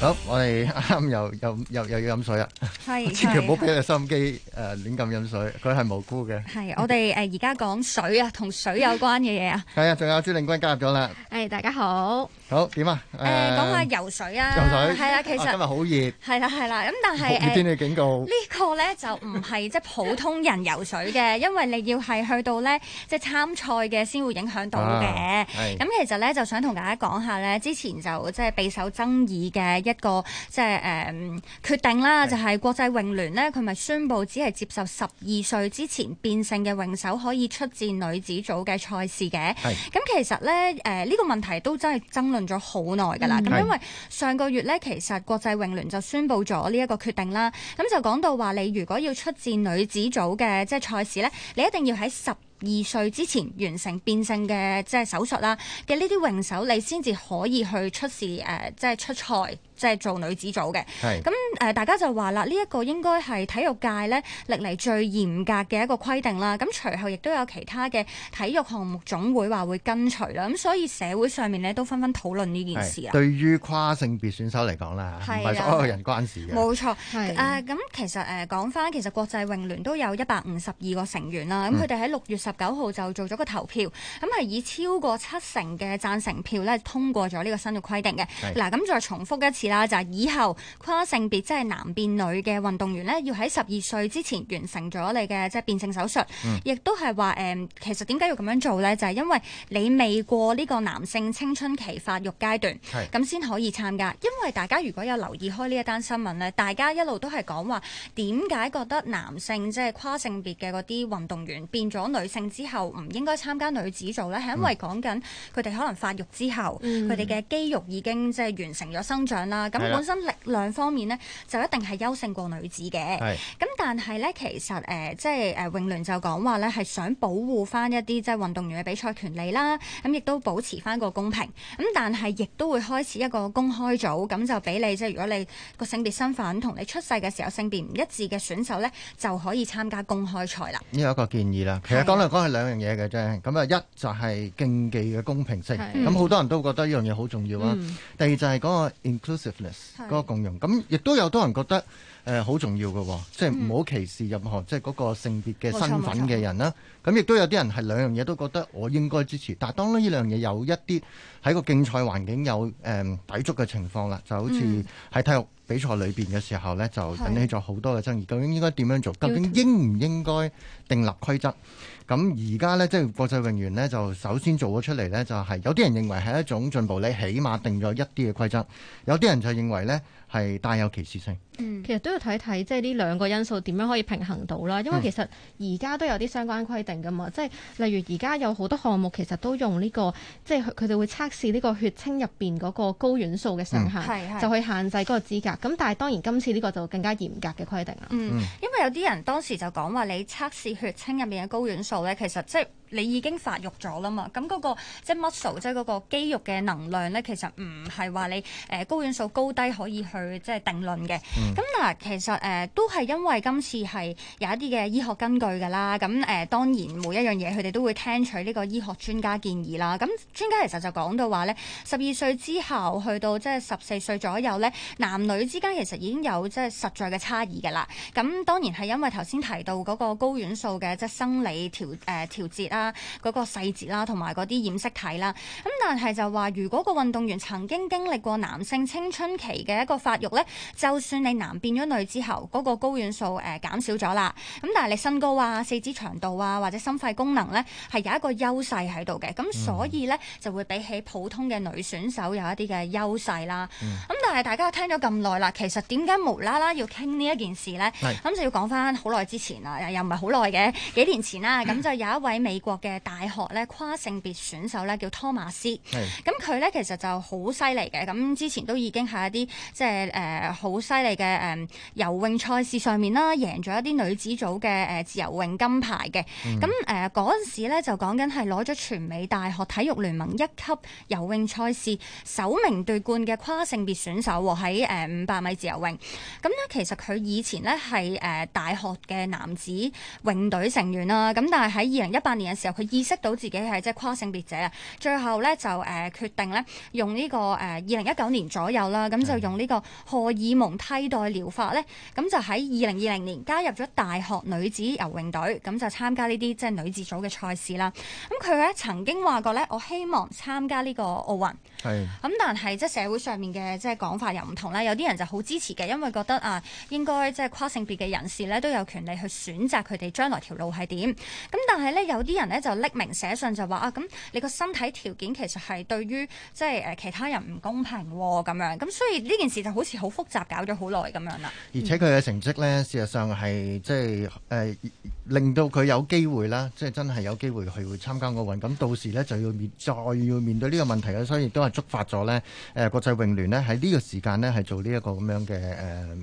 好，我哋啱又又又又要飲水啊！千祈唔好俾個收音機，誒亂咁飲水，佢係無辜嘅。係，我哋誒而家講水啊，同水有關嘅嘢啊。係啊，仲有朱令君加入咗啦。誒，大家好。好點啊？誒、呃，講下游水啊，游水。係啦，其實、啊、今日好熱，係啦係啦。咁但係誒，警告、呢、呃這個咧就唔係即係普通人游水嘅， 因為你要係去到咧即係參賽嘅先會影響到嘅。咁、啊、其實咧就想同大家講下咧，之前就即係備受爭議嘅一個即係誒決定啦，就係、是、國際泳聯咧佢咪宣布只係接受十二歲之前變性嘅泳手可以出戰女子組嘅賽事嘅。咁的其實咧誒呢、呃這個問題都真係爭論咗好耐噶啦，咁、嗯、因為上個月咧，其實國際泳聯就宣布咗呢一個決定啦，咁就講到話，你如果要出戰女子組嘅即係賽事咧，你一定要喺十，十二歲之前完成變性嘅即係手術啦嘅呢啲泳手，你先至可以去出示，誒、呃，即係出賽，即係做女子組嘅。咁誒是、嗯，大家就話啦，呢、這、一個應該係體育界呢歷嚟最嚴格嘅一個規定啦。咁、嗯、隨後亦都有其他嘅體育項目總會話會跟隨啦。咁所以社會上面呢，都紛紛討論呢件事啊。對於跨性別選手嚟講啦，唔係所有人關事嘅。冇錯。係誒的，咁、啊、其實誒、呃、講翻，其實國際泳聯都有一百五十二個成員啦。咁佢哋喺六月十。十九號就做咗個投票，咁係以超過七成嘅贊成票咧通過咗呢個新嘅規定嘅。嗱是，咁再重複一次啦，就係、是、以後跨性別，即、就、係、是、男變女嘅運動員咧，要喺十二歲之前完成咗你嘅即係變性手術，嗯、亦都係話誒，其實點解要咁樣做咧？就係、是、因為你未過呢個男性青春期發育階段，咁先是可以參加。因為大家如果有留意開呢一單新聞咧，大家一路都係講話點解覺得男性即係、就是、跨性別嘅嗰啲運動員變咗女性。之後唔應該參加女子組咧，係因為講緊佢哋可能發育之後，佢哋嘅肌肉已經即係完成咗生長啦。咁本身力量方面呢，就一定係優勝過女子嘅。係咁。但係咧，其實誒、呃，即係誒，泳、呃、聯就講話咧，係想保護翻一啲即係運動員嘅比賽權利啦，咁亦都保持翻個公平。咁但係亦都會開始一個公開組，咁就俾你即係如果你個性別身份同你出世嘅時候性別唔一致嘅選手咧，就可以參加公開賽啦。呢係一個建議啦，其實講嚟講去兩樣嘢嘅啫。咁啊是，一就係競技嘅公平性，咁好是多人都覺得呢樣嘢好重要啊。嗯、第二就係嗰個 inclusiveness 嗰是個共融。咁亦都有多人覺得。誒好、呃、重要嘅，即係唔好歧視任何、嗯、即係嗰個性別嘅身份嘅人啦。咁亦都有啲人係兩樣嘢都覺得我應該支持，但係當呢兩樣嘢有一啲喺個競賽環境有誒、呃、抵觸嘅情況啦，就好似喺體育比賽裏邊嘅時候咧，就引起咗好多嘅爭議是究竟應該點樣做？究竟應唔應該訂立規則？咁而家咧，即係國際泳聯咧，就首先做咗出嚟咧，就係、是、有啲人認為係一種進步，你起碼定咗一啲嘅規則，有啲人就認為咧係帶有歧視性。嗯，其實都要睇睇即係呢兩個因素點樣可以平衡到啦，因為其實而家都有啲相關規則。㗎嘛，即係例如而家有好多項目，其實都用呢個，即係佢哋會測試呢個血清入邊嗰個睾丸素嘅上限，嗯、就去限制嗰個資格。咁但係當然今次呢個就更加嚴格嘅規定啦。嗯，因為有啲人當時就講話，你測試血清入面嘅睾丸素咧，其實即係。你已經發育咗啦嘛？咁嗰個即係 muscle，即係嗰個肌肉嘅、那個、能量咧，其實唔係話你誒睾丸素高低可以去即係定論嘅。咁嗱、嗯，其實誒、呃、都係因為今次係有一啲嘅醫學根據㗎啦。咁誒、呃、當然每一樣嘢佢哋都會聽取呢個醫學專家建議啦。咁專家其實就講到話咧，十二歲之後去到即係十四歲左右咧，男女之間其實已經有即係實在嘅差異㗎啦。咁當然係因為頭先提到嗰個睾丸素嘅即係生理調誒、呃、調節啦。嗰個細節啦，同埋嗰啲染色體啦，咁但係就話，如果個運動員曾經經歷過男性青春期嘅一個發育呢，就算你男變咗女之後，嗰、那個睾丸素誒減少咗啦，咁但係你身高啊、四肢長度啊或者心肺功能呢，係有一個優勢喺度嘅，咁所以呢，嗯、就會比起普通嘅女選手有一啲嘅優勢啦，咁。嗯嗯。係大家聽咗咁耐啦，其實點解無啦啦要傾呢一件事咧？咁是就要講翻好耐之前啦，又唔係好耐嘅幾年前啦。咁就有一位美國嘅大學咧跨性別選手咧叫托馬斯，咁佢咧其實就好犀利嘅。咁之前都已經係一啲即係誒好犀利嘅誒游泳賽事上面啦，贏咗一啲女子組嘅誒、呃、自由泳金牌嘅。咁誒嗰陣時咧就講緊係攞咗全美大學體育聯盟一級游泳賽事首名奪冠嘅跨性別選。手喎，喺誒五百米自由泳，咁咧其實佢以前咧係誒大學嘅男子泳隊成員啦，咁但係喺二零一八年嘅時候，佢意識到自己係即係跨性別者啊，最後咧就誒決定咧用呢個誒二零一九年左右啦，咁就用呢個荷爾蒙替代療法咧，咁就喺二零二零年加入咗大學女子游泳隊，咁就參加呢啲即係女子組嘅賽事啦。咁佢咧曾經話過咧，我希望參加呢個奧運，係是，咁但係即係社會上面嘅即係講。講法又唔同啦，有啲人就好支持嘅，因為覺得啊，應該即係跨性別嘅人士咧都有權利去選擇佢哋將來條路係點。咁但係咧，有啲人咧就匿名寫信就話啊，咁你個身體條件其實係對於即係誒其他人唔公平咁樣。咁所以呢件事就好似好複雜，搞咗好耐咁樣啦。而且佢嘅成績咧，事實上係即係誒令到佢有機會啦，即係真係有機會去會參加奧運。咁到時咧就要面再要面對呢個問題啊，所以亦都係觸發咗咧誒國際泳聯咧喺呢個。時間咧係做呢一個咁樣嘅誒誒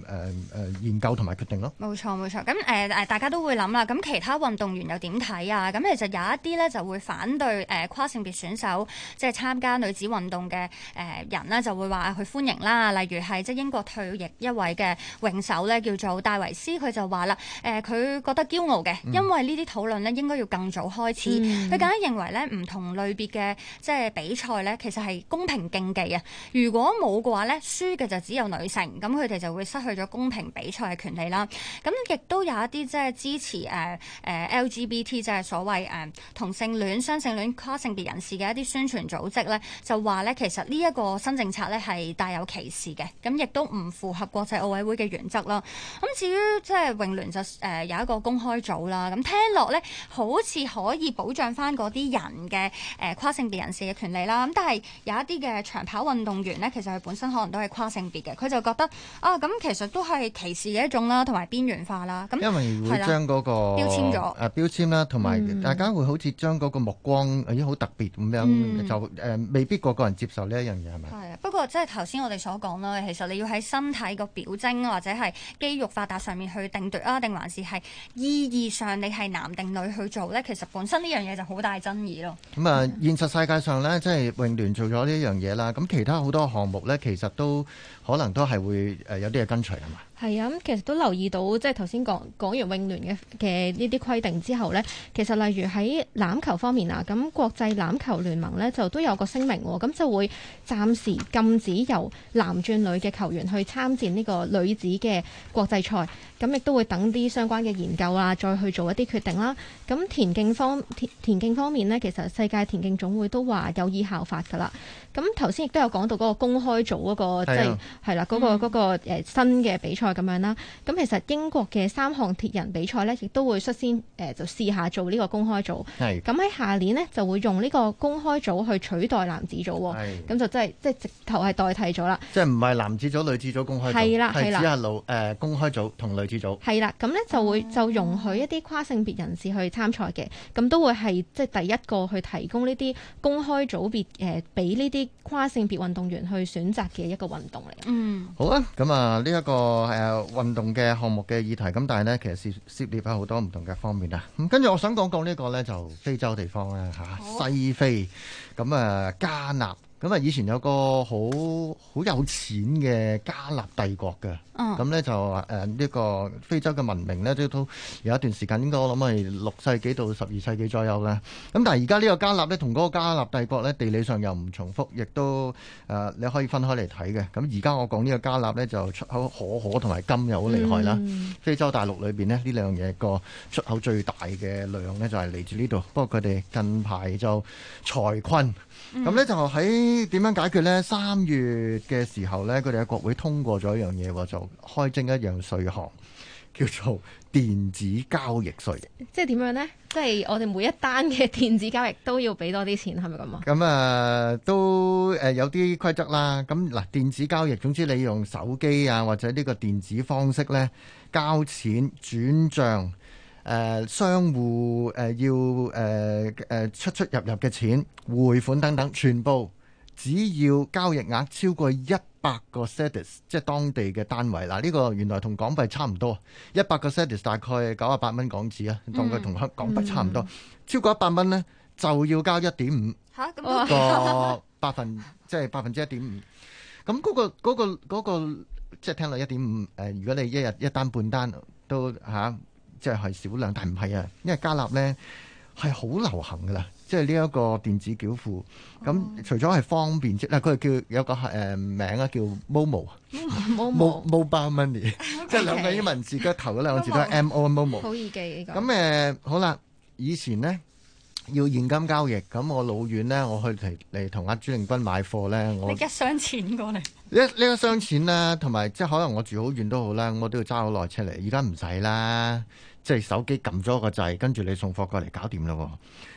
誒研究同埋決定咯。冇錯冇錯，咁誒誒大家都會諗啦。咁其他運動員又點睇啊？咁其實有一啲咧就會反對誒跨性別選手即係參加女子運動嘅誒人呢就會話佢歡迎啦。例如係即係英國退役一位嘅泳手咧，叫做戴維斯，佢就話啦誒，佢覺得驕傲嘅，因為呢啲討論咧應該要更早開始。佢更加認為咧唔同類別嘅即係比賽咧，其實係公平競技啊。如果冇嘅話咧，輸嘅就只有女性，咁佢哋就會失去咗公平比賽嘅權利啦。咁亦都有一啲即係支持誒誒、呃呃、LGBT，即係所謂誒、呃、同性戀雙性戀跨性別人士嘅一啲宣傳組織咧，就話咧其實呢一個新政策咧係帶有歧視嘅，咁亦都唔符合國際奧委會嘅原則啦。咁至於即係泳聯就誒、呃、有一個公開組啦，咁聽落咧好似可以保障翻嗰啲人嘅誒、呃、跨性別人士嘅權利啦。咁但係有一啲嘅長跑運動員咧，其實佢本身可能。都係跨性別嘅，佢就覺得啊，咁其實都係歧視嘅一種啦，同埋邊緣化啦。咁因為會將嗰個標籤咗啊的標籤啦，同埋、嗯、大家會好似將嗰個目光已經好特別咁樣，嗯、就誒、呃、未必個個人接受呢一樣嘢係咪？係不過即係頭先我哋所講啦，其實你要喺身體個表徵或者係肌肉發達上面去定奪啊，定還是係意義上你係男定女去做咧？其實本身呢樣嘢就好大爭議咯。咁啊，現實世界上咧，即係泳聯做咗呢樣嘢啦，咁其他好多項目咧，其實都～都可能都係會誒，有啲嘢跟隨啊嘛。係啊，咁其實都留意到，即係頭先講講完泳聯嘅嘅呢啲規定之後咧，其實例如喺欖球方面啊，咁國際欖球聯盟咧就都有個聲明喎，咁就會暫時禁止由男轉女嘅球員去參戰呢個女子嘅國際賽，咁亦都會等啲相關嘅研究啊，再去做一啲決定啦。咁田徑方田田徑方面咧，其實世界田徑總會都話有意效法㗎啦。咁頭先亦都有講到嗰個公開組嗰個即係係啦，嗰個嗰個誒新嘅比賽。咁樣啦，咁其實英國嘅三項鐵人比賽咧，亦都會率先誒、呃、就試下做呢個公開組。係的，咁喺下年咧就會用呢個公開組去取代男子組，咁的就即係即係直頭係代替咗啦。即係唔係男子組、女子組公開組，係只係男誒公開組同女子組。係啦，咁咧就會就容許一啲跨性別人士去參賽嘅，咁都會係即係第一個去提供呢啲公開組別誒，俾呢啲跨性別運動員去選擇嘅一個運動嚟嘅。嗯，好啊，咁啊呢一個係。嗯。誒、呃、運動嘅項目嘅議題，咁但係咧其實涉涉獵係好多唔同嘅方面啊。咁跟住我想講講呢個咧就非洲地方啦嚇，啊、好西非咁啊、嗯、加納。咁啊！以前有個好好有錢嘅加納帝國嘅，咁咧、哦、就話誒呢個非洲嘅文明咧，都有一段時間應該我諗係六世紀到十二世紀左右啦。咁但係而家呢個加納咧，同嗰個加納帝國咧地理上又唔重複，亦都誒、呃、你可以分開嚟睇嘅。咁而家我講呢個加納咧，就出口可可同埋金又好厲害啦。嗯、非洲大陸裏邊咧呢兩樣嘢個出口最大嘅量咧就係嚟自呢度。不過佢哋近排就財困，咁咧就喺、嗯。嗯點樣解決呢？三月嘅時候呢，佢哋喺國會通過咗一樣嘢，就開徵一樣稅項，叫做電子交易稅。即係點樣呢？即係我哋每一單嘅電子交易都要俾多啲錢，係咪咁啊？咁啊、嗯呃，都誒、呃、有啲規則啦。咁、嗯、嗱、呃，電子交易，總之你用手機啊，或者呢個電子方式呢，交錢、轉賬、誒、呃、商戶誒、呃、要誒誒、呃呃、出出入入嘅錢、匯款等等，全部。只要交易額超過一百個塞德斯，即係當地嘅單位，嗱、啊、呢、這個原來同港幣差唔多，一百個塞德斯大概九啊八蚊港紙啊，嗯、當佢同香港幣差唔多。嗯、超過一百蚊咧就要交一點五個百分，即係 百分之一點五。咁、那、嗰個嗰、那個、那個那個、即係聽落一點五誒，如果你一日一單半單都嚇，即係係少量，但唔係啊，因為加納咧係好流行㗎啦。即係呢一個電子繳付，咁除咗係方便之外，嗱佢係叫有個誒名啊，叫 Momo，mobile money，即係兩個英文字嘅 頭嗰兩個字都係 Momo. M O m o 好易記。咁誒、呃、好啦，以前咧。要現金交易咁，我老遠呢，我去嚟嚟同阿朱令君買貨呢。我一箱錢過嚟一呢一箱錢呢，同埋即係可能我住好遠都好啦，我都要揸好耐出嚟。而家唔使啦，即係手機撳咗個掣，跟住你送貨過嚟，搞掂啦。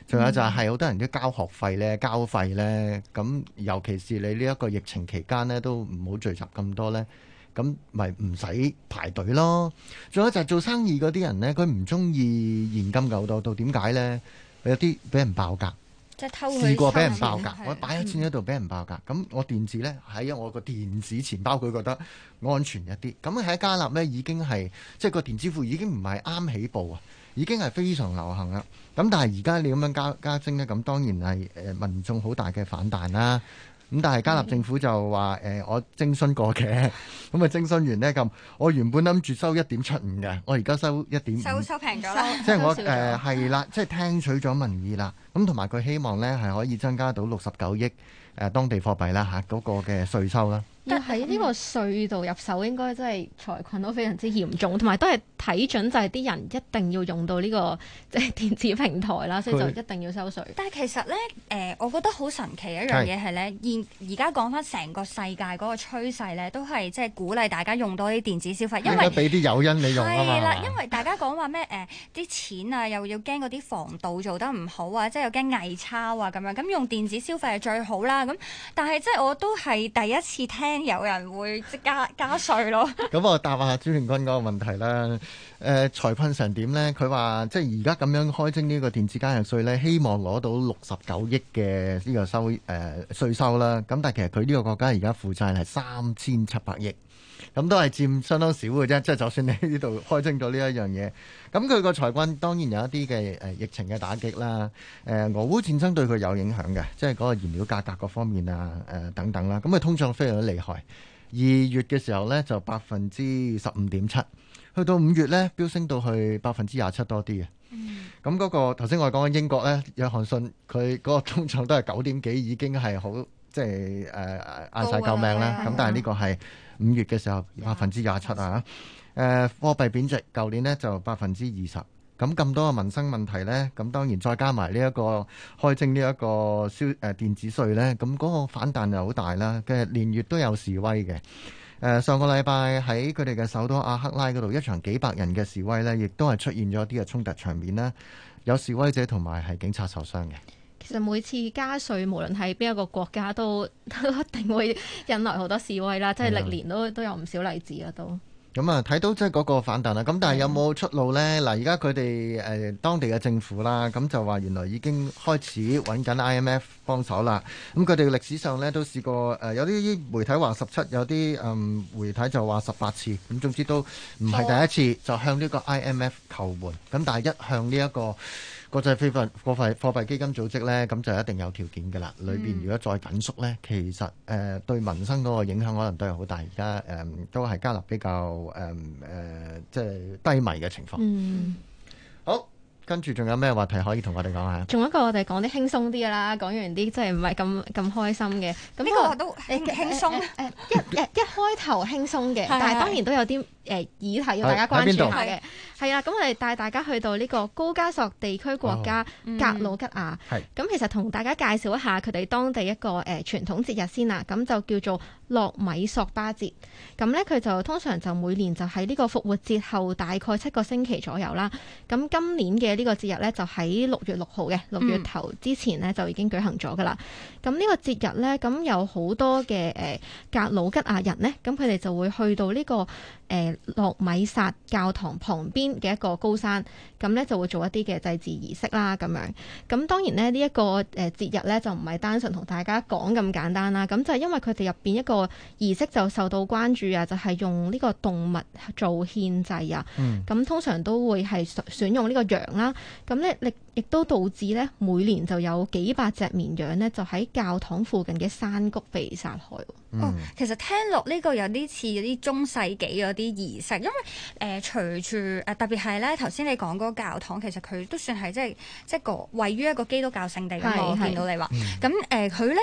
仲有就係好多人都交學費呢、交費呢，咁尤其是你呢一個疫情期間呢，都唔好聚集咁多呢。咁咪唔使排隊咯。仲有就係做生意嗰啲人呢，佢唔中意現金夠多，到點解呢？有啲俾人爆格，即係偷，試過俾人爆格，我擺一千喺度俾人爆格。咁、嗯、我電子咧喺我個電子錢包，佢覺得安全一啲。咁喺加納咧已經係即係個電子支付已經唔係啱起步啊，已經係非常流行啦。咁但係而家你咁樣加加增咧，咁當然係誒民眾好大嘅反彈啦。嗯咁但係加納政府就話誒、呃，我徵詢過嘅，咁 啊、嗯、徵詢完呢？咁，我原本諗住收一點七五嘅，我而家收一點五，收收平咗即係我誒係啦，即、就、係、是、聽取咗民意啦，咁同埋佢希望呢係可以增加到六十九億誒、呃、當地貨幣啦嚇，嗰、啊那個嘅稅收啦。但係呢個稅度入手應該真係財困都非常之嚴重，同埋都係。睇準就係啲人一定要用到呢個即係電子平台啦，所以就一定要收稅。但係其實咧，誒、呃，我覺得好神奇一樣嘢係咧，是現而家講翻成個世界嗰個趨勢咧，都係即係鼓勵大家用多啲電子消費，因為俾啲誘因你用啊係啦，了吧因為大家講話咩誒啲錢啊，又要驚嗰啲防盜做得唔好啊，即、就、係、是、又驚偽鈔啊咁樣。咁用電子消費係最好啦。咁但係即係我都係第一次聽有人會即加加稅咯。咁 我答下朱連君嗰個問題啦。誒，財、呃、困成點呢？佢話即係而家咁樣開徵呢個電子加人稅呢，希望攞到六十九億嘅呢個收誒稅、呃、收啦。咁但係其實佢呢個國家而家負債係三千七百億，咁都係佔相當少嘅啫。即係就算你呢度開徵咗呢一樣嘢，咁佢個財困當然有一啲嘅誒疫情嘅打擊啦。誒、呃，俄烏戰爭對佢有影響嘅，即係嗰個燃料價格各方面啊，誒、呃、等等啦。咁、嗯、啊，通脹非常之厲害，二月嘅時候呢，就百分之十五點七。去到五月咧，飆升到去百分之廿七多啲嘅。咁嗰、嗯嗯嗰個頭先我講緊英國咧，約翰遜佢嗰個通脹都係九點幾，已經係好即係誒嗌曬救命啦。咁但係呢個係五月嘅時候，百分之廿七啊！誒、啊、貨幣貶值，舊年呢就百分之二十。咁咁多嘅民生問題咧，咁當然再加埋呢一個開徵呢一個消誒、呃、電子稅咧，咁、那、嗰個反彈又好大啦。跟住連月都有示威嘅。誒、呃、上個禮拜喺佢哋嘅首都阿克拉嗰度一場幾百人嘅示威呢，亦都係出現咗啲嘅衝突場面啦，有示威者同埋係警察受傷嘅。其實每次加稅，無論係邊一個國家都都 一定會引來好多示威啦，即係歷年都 都有唔少例子啊，都。咁啊，睇、嗯、到即係嗰個反彈啦。咁但係有冇出路呢？嗱，而家佢哋誒當地嘅政府啦，咁、嗯、就話原來已經開始揾緊 IMF 幫手啦。咁佢哋歷史上呢都試過誒、呃，有啲媒體話十七，有、嗯、啲媒體就話十八次。咁總之都唔係第一次就向呢個 IMF 求援。咁、嗯、但係一向呢、這、一個。國際貨幣貨幣基金組織呢，咁就一定有條件㗎喇。裏邊如果再緊縮呢，嗯、其實誒、呃、對民生嗰個影響可能都係好大。而家誒都係加納比較誒誒、呃呃，即係低迷嘅情況。嗯、好，跟住仲有咩話題可以同我哋講下？仲有一個我哋講啲輕鬆啲㗎喇，講完啲即係唔係咁咁開心嘅。咁、嗯、呢個都輕輕鬆一、欸欸欸欸欸欸欸、一開頭輕鬆嘅， 但係當然都有啲誒議題要大家關注下嘅。係啦，咁我哋帶大家去到呢個高加索地區國家格魯吉亞。係、哦，咁、嗯、其實同大家介紹一下佢哋當地一個誒、呃、傳統節日先啦。咁就叫做洛米索巴節。咁咧，佢就通常就每年就喺呢個復活節後大概七個星期左右啦。咁今年嘅呢個節日咧，就喺六月六號嘅六月頭之前咧，就已經舉行咗噶啦。咁呢、嗯、個節日咧，咁有好多嘅誒、呃、格魯吉亞人咧，咁佢哋就會去到呢、這個誒洛、呃、米薩教堂旁邊嘅一個高山，咁咧就會做一啲嘅祭祀儀式啦，咁樣。咁當然咧，這個、節呢一個誒節日咧就唔係單純同大家講咁簡單啦。咁就係因為佢哋入邊一個儀式就受到關注啊，就係、是、用呢個動物做獻祭啊。嗯。咁通常都會係選用呢個羊啦。咁咧，亦亦都導致咧每年就有幾百隻綿羊咧，就喺教堂附近嘅山谷被殺害。哦，嗯、其實聽落呢個有啲似啲中世紀嗰啲儀式，因為誒、呃、隨處誒特別係咧頭先你講嗰個教堂，其實佢都算係即係即個位於一個基督教聖地咁樣，我見到你話，咁誒佢咧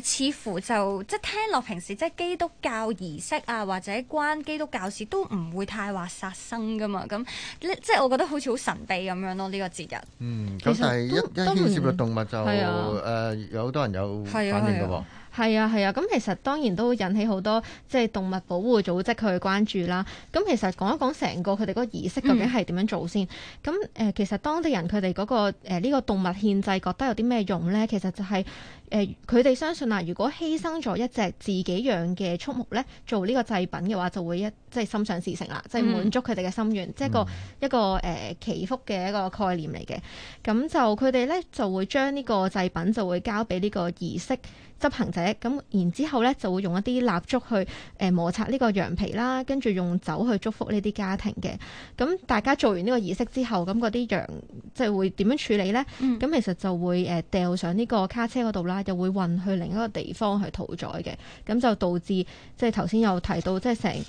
誒似乎就即聽落平時即基督教儀式啊或者關基督教事都唔會太話殺生噶嘛，咁、嗯、即係我覺得好似好神秘咁樣咯呢、呢個節日。嗯，咁但係一一牽涉到動物明就誒有好多人有反應嘅。係啊係啊，咁、啊、其實當然都引起好多即係動物保護組織佢嘅關注啦。咁其實講一講成個佢哋嗰個儀式究竟係點樣做先？咁誒、嗯，其實當地人佢哋嗰個呢、呃這個動物獻祭覺得有啲咩用咧？其實就係、是。誒佢哋相信啊，如果犧牲咗一隻自己養嘅畜牧咧，做呢個祭品嘅話，就會一即係心想事成啦，嗯、即係滿足佢哋嘅心願，即係個一個誒、嗯呃、祈福嘅一個概念嚟嘅。咁就佢哋咧就會將呢個祭品就會交俾呢個儀式執行者，咁然之後咧就會用一啲蠟燭去誒摩、呃、擦呢個羊皮啦，跟住用酒去祝福呢啲家庭嘅。咁大家做完呢個儀式之後，咁嗰啲羊即係、就係、會點樣處理咧？咁、嗯、其實就會誒掉上呢個卡車嗰度啦。就會運去另一個地方去屠宰嘅，咁就導致，即係頭先有提到，即係成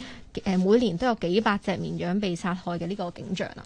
誒每年都有幾百隻綿羊被殺害嘅呢個景象啦。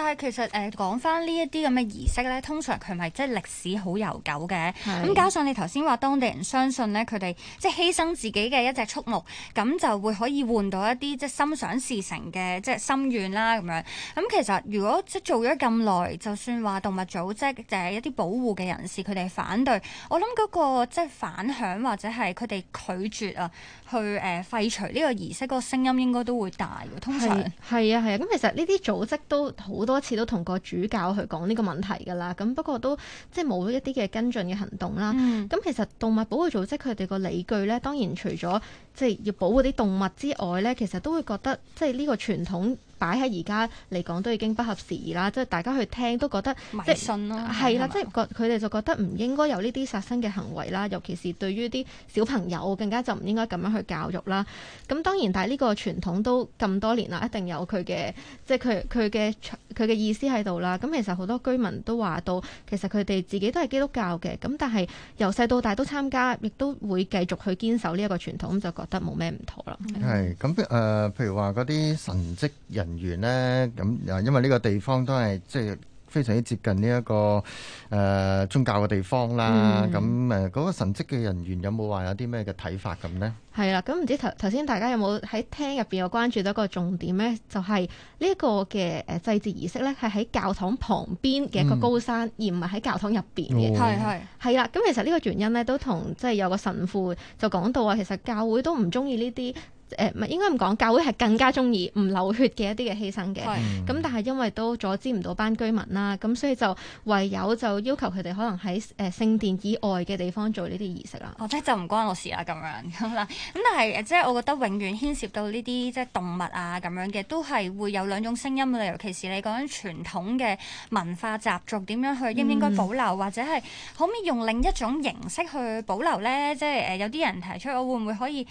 但係其實誒講翻呢一啲咁嘅儀式咧，通常佢咪即係歷史好悠久嘅。咁的加上你頭先話當地人相信咧，佢哋即係犧牲自己嘅一隻畜牧，咁就會可以換到一啲即係心想事成嘅即係心願啦咁樣。咁其實如果即係做咗咁耐，就算話動物組織就係一啲保護嘅人士，佢哋反對，我諗嗰個即係反響或者係佢哋拒絕啊，去誒廢除呢個儀式，嗰個聲音應該都會大嘅。的通常係啊係啊，咁其實呢啲組織都好。多次都同個主教去講呢個問題㗎啦，咁不過都即係冇一啲嘅跟進嘅行動啦。咁、嗯、其實動物保護組織佢哋個理據咧，當然除咗即係要保護啲動物之外咧，其實都會覺得即係呢個傳統。擺喺而家嚟講都已經不合時宜啦，即係大家去聽都覺得迷信咯、啊，係啦是，即係覺佢哋就覺得唔應該有呢啲殺生嘅行為啦，尤其是對於啲小朋友更加就唔應該咁樣去教育啦。咁當然，但係呢個傳統都咁多年啦，一定有佢嘅，即係佢佢嘅佢嘅意思喺度啦。咁其實好多居民都話到，其實佢哋自己都係基督教嘅，咁但係由細到大都參加，亦都會繼續去堅守呢一個傳統，咁就覺得冇咩唔妥啦。係咁誒，譬如話嗰啲神職人。人員咧，咁啊，因為呢個地方都係即係非常之接近呢、這、一個誒、呃、宗教嘅地方啦。咁誒嗰個神職嘅人員有冇話有啲咩嘅睇法咁呢？係啦，咁唔知頭頭先大家有冇喺聽入邊有關注到一個重點呢？就係、是、呢個嘅誒祭祀儀式呢，係喺教堂旁邊嘅一個高山，嗯、而唔係喺教堂入邊嘅。係係係啦，咁的的其實呢個原因呢，都同即係有個神父就講到啊，其實教會都唔中意呢啲。誒唔係應該唔講，教會係更加中意唔流血嘅一啲嘅犧牲嘅。咁、嗯、但係因為都阻止唔到班居民啦，咁所以就唯有就要求佢哋可能喺誒聖殿以外嘅地方做呢啲儀式啦、嗯。即係就唔關我事啦咁樣咁啦。咁但係即係我覺得永遠牽涉到呢啲即係動物啊咁樣嘅，都係會有兩種聲音啦。尤其是你講緊傳統嘅文化習俗點樣去應唔應該保留，嗯、或者係可唔可以用另一種形式去保留咧？即係誒有啲人提出，我會唔會可以誒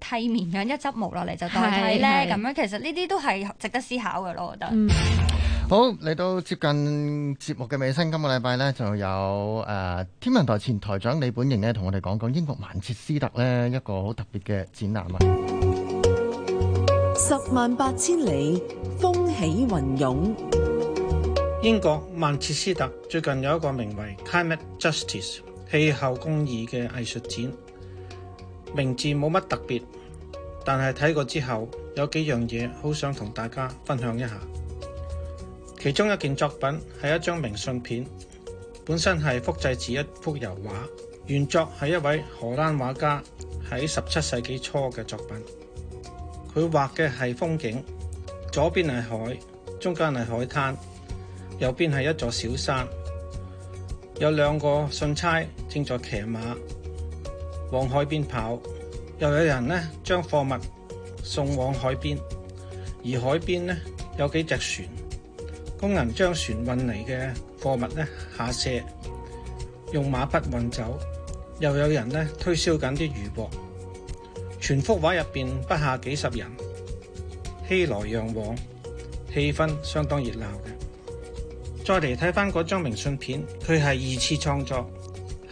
誒剃面？呃呃呃呃養一執毛落嚟就當係咧，咁樣其實呢啲都係值得思考嘅咯。我覺得、嗯、好嚟到接近節目嘅尾聲，今個禮拜咧就有誒、呃、天文台前台長李本瀅咧同我哋講講英國曼徹斯特咧一個好特別嘅展覽啊。十萬八千里，風起雲湧。英國曼徹斯特最近有一個名為《Climate Justice》氣候公義嘅藝術展，名字冇乜特別。但係睇過之後，有幾樣嘢好想同大家分享一下。其中一件作品係一張明信片，本身係複製自一幅油畫，原作係一位荷蘭畫家喺十七世紀初嘅作品。佢畫嘅係風景，左邊係海，中間係海灘，右邊係一座小山，有兩個信差正在騎馬往海邊跑。又有人呢將貨物送往海邊，而海邊呢有幾隻船，工人將船運嚟嘅貨物呢下卸，用馬匹運走。又有人呢推銷緊啲漁獲，全幅畫入邊不下幾十人，熙來攘往，氣氛相當熱鬧嘅。再嚟睇翻嗰張明信片，佢係二次創作，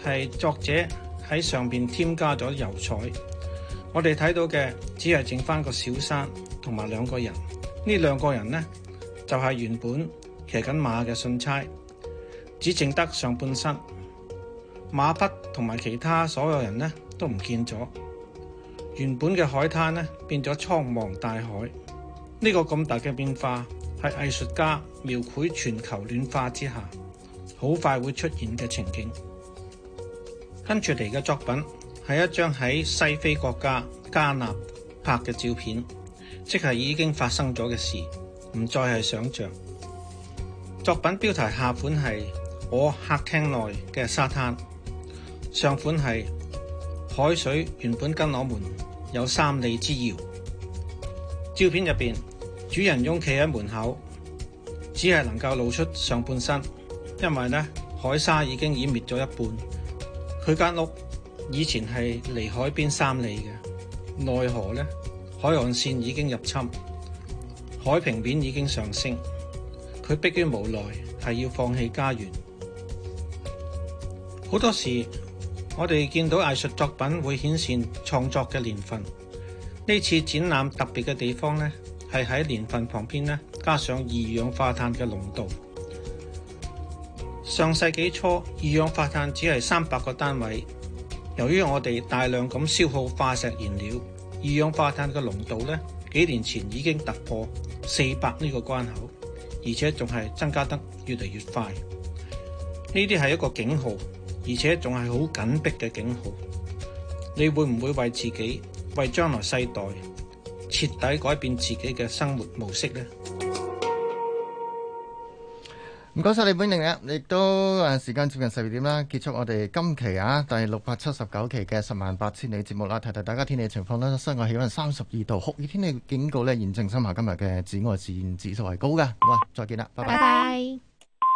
係作者喺上邊添加咗油彩。我哋睇到嘅只係剩翻個小山同埋兩個人，呢兩個人呢，就係、是、原本騎緊馬嘅信差，只剩得上半身，馬匹同埋其他所有人呢，都唔見咗，原本嘅海灘呢，變咗蒼茫大海，呢、這個咁大嘅變化係藝術家描繪全球暖化之下好快會出現嘅情景，跟住嚟嘅作品。係一張喺西非國家加納拍嘅照片，即係已經發生咗嘅事，唔再係想象。作品標題下款係我客廳內嘅沙灘，上款係海水原本跟我們有三里之遙。照片入邊，主人翁企喺門口，只係能夠露出上半身，因為呢，海沙已經掩滅咗一半，佢間屋。以前係離海邊三里嘅，奈何呢？海岸線已經入侵，海平面已經上升，佢迫於無奈係要放棄家園。好多時我哋見到藝術作品會顯現創作嘅年份，呢次展覽特別嘅地方呢，係喺年份旁邊呢加上二氧化碳嘅濃度。上世紀初二氧化碳只係三百個單位。由於我哋大量咁消耗化石燃料，二氧化碳嘅濃度咧，幾年前已經突破四百呢個關口，而且仲係增加得越嚟越快。呢啲係一個警號，而且仲係好緊迫嘅警號。你會唔會為自己、為將來世代，徹底改變自己嘅生活模式呢？唔該晒，謝謝李本瀅啊！亦都誒，時間接近十二點啦，結束我哋今期啊第六百七十九期嘅十萬八千里節目啦。提提大家天氣情況啦，室外氣溫三十二度，酷熱天氣警告咧，現正生效。今日嘅紫外線指數係高嘅，好啊，再見啦，拜拜。